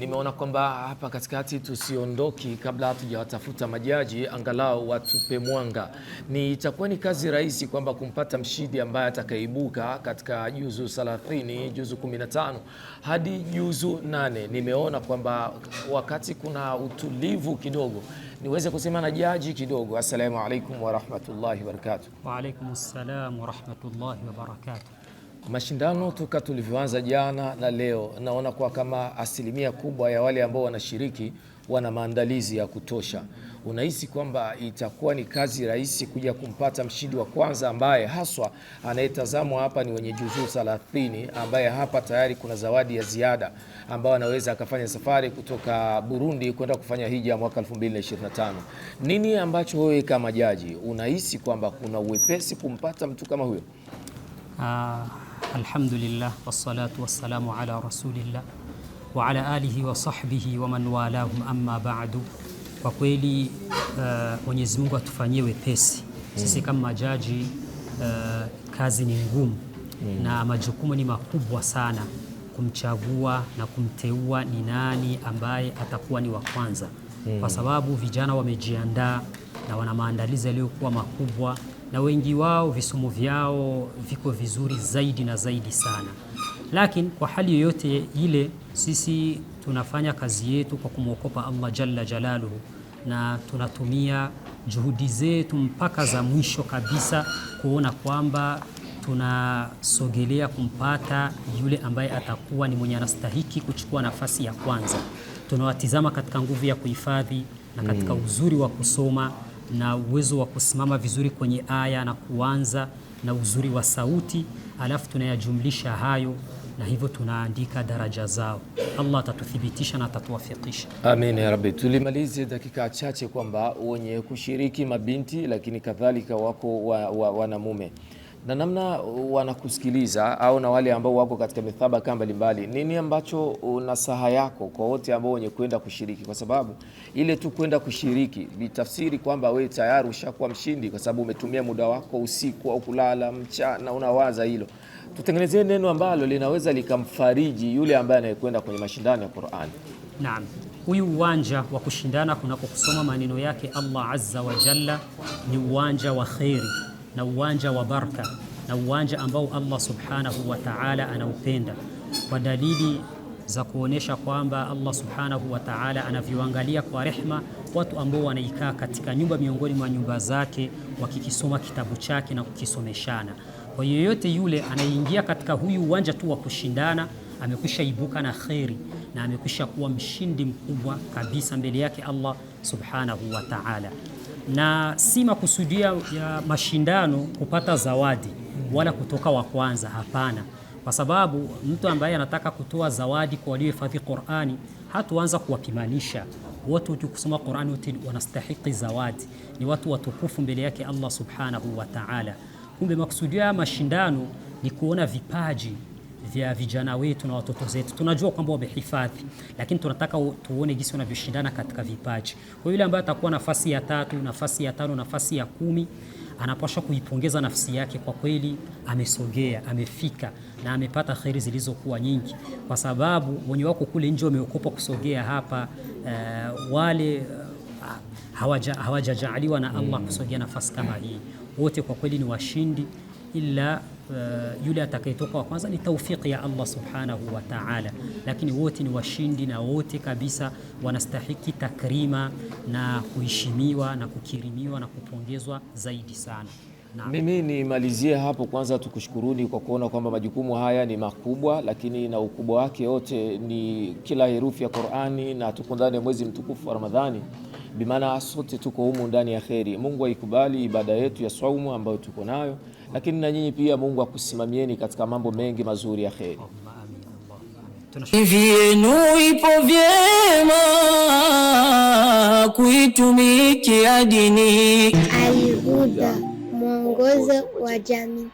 Nimeona kwamba hapa katikati tusiondoki kabla hatujawatafuta majaji angalau watupe mwanga. Ni itakuwa ni kazi rahisi kwamba kumpata mshindi ambaye atakaibuka katika juzu 30, juzu 15 hadi juzu nane Nimeona kwamba wakati kuna utulivu kidogo niweze kusema na jaji kidogo. Assalamu alaikum warahmatullahi wabarakatuh. Wa assalam warahmatullahi wabarakatuh mashindano toka tulivyoanza jana na leo, naona kwa kama asilimia kubwa ya wale ambao wanashiriki wana maandalizi ya kutosha. Unahisi kwamba itakuwa ni kazi rahisi kuja kumpata mshindi wa kwanza, ambaye haswa anayetazamwa hapa ni wenye juzuu 30, ambaye hapa tayari kuna zawadi ya ziada ambayo anaweza akafanya safari kutoka Burundi kwenda kufanya hija mwaka 2025. Nini ambacho wewe kama jaji unahisi kwamba kuna uwepesi kumpata mtu kama huyo? Ah, Alhamdulillah wassalatu wassalamu ala rasulillah wa ala alihi wa sahbihi wa man walahum amma ba'du. Kwa kweli uh, Mungu atufanyie wepesi sisi kama majaji uh, kazi ni ngumu na majukumu ni makubwa sana kumchagua na kumteua ni nani ambaye atakuwa ni wa kwanza kwa sababu vijana wamejiandaa na wana maandalizi yaliyokuwa makubwa na wengi wao visomo vyao viko vizuri zaidi na zaidi sana, lakini kwa hali yoyote ile, sisi tunafanya kazi yetu kwa kumwokopa Allah jalla jalaluhu, na tunatumia juhudi zetu mpaka za mwisho kabisa kuona kwamba tunasogelea kumpata yule ambaye atakuwa ni mwenye anastahiki kuchukua nafasi ya kwanza. Tunawatizama katika nguvu ya kuhifadhi na katika hmm. uzuri wa kusoma na uwezo wa kusimama vizuri kwenye aya na kuanza na uzuri wa sauti, alafu tunayajumlisha hayo na hivyo tunaandika daraja zao. Allah atatuthibitisha na atatuwafikisha, amin ya rabbi. Tulimalize dakika chache kwamba wenye kushiriki mabinti, lakini kadhalika wako wanamume wa, wa na namna wanakusikiliza au na wale ambao wako katika mithabaka mbalimbali, nini ambacho nasaha yako kwa wote ambao wenye kwenda kushiriki? Kwa sababu ile tu kwenda kushiriki bitafsiri kwamba we tayari ushakuwa mshindi, kwa sababu umetumia muda wako usiku au kulala mchana unawaza hilo. Tutengenezee neno ambalo linaweza likamfariji yule ambaye anayekwenda kwenye mashindano ya Qur'an. Naam, huyu uwanja wa kushindana kunako kusoma maneno yake Allah azza wa jalla ni uwanja wa kheri na uwanja wa baraka na uwanja ambao Allah subhanahu wa ta'ala anaupenda kwa dalili za kuonesha kwamba Allah subhanahu wa ta'ala anavyoangalia kwa rehma watu ambao wanaikaa katika nyumba miongoni mwa nyumba zake wakikisoma kitabu chake na kukisomeshana. Kwa yeyote yule anayeingia katika huyu uwanja tu wa kushindana amekwisha ibuka na kheri na amekwisha kuwa mshindi mkubwa kabisa mbele yake Allah subhanahu wa ta'ala na si makusudia ya mashindano kupata zawadi wala kutoka wa kwanza, hapana, kwa sababu mtu ambaye anataka kutoa zawadi kwa waliohifadhi Qur'ani hatuanza kuwapimanisha watu kusoma Qur'ani wote wanastahili zawadi, ni watu watukufu mbele yake Allah subhanahu wa ta'ala. Kumbe makusudia ya mashindano ni kuona vipaji vya vijana wetu na watoto zetu. Tunajua kwamba wamehifadhi, lakini tunataka tuone jinsi wanavyoshindana katika vipaji. Kwa yule ambaye atakuwa nafasi ya tatu, nafasi ya tano, nafasi ya kumi anapaswa kuipongeza nafsi yake kwa kweli, amesogea, amefika na amepata kheri zilizokuwa nyingi, kwa sababu wenye wako kule nje wameokopa kusogea hapa. Uh, wale uh, eh, hawajajaaliwa hawaja na Allah mm. kusogea nafasi kama hii. Wote kwa kweli ni washindi ila Eh, yule atakayetoka wa kwanza ni taufiki ya Allah subhanahu wa ta'ala, lakini wote ni washindi na wote kabisa wanastahiki takrima na kuheshimiwa na kukirimiwa na kupongezwa zaidi sana. Na mimi nimalizie hapo. Kwanza tukushukuruni kwa kuona kwamba majukumu haya ni makubwa, lakini na ukubwa wake wote ni kila herufi ya Qur'ani, na tuko ndani ya mwezi mtukufu wa Ramadhani bimaana sote tuko humu ndani ya kheri. Mungu aikubali ibada yetu ya saumu ambayo tuko nayo, lakini na nyinyi pia Mungu akusimamieni katika mambo mengi mazuri ya kheri. Vyenu ipo vyema kuitumikia dini. al mwongozo wa jamii.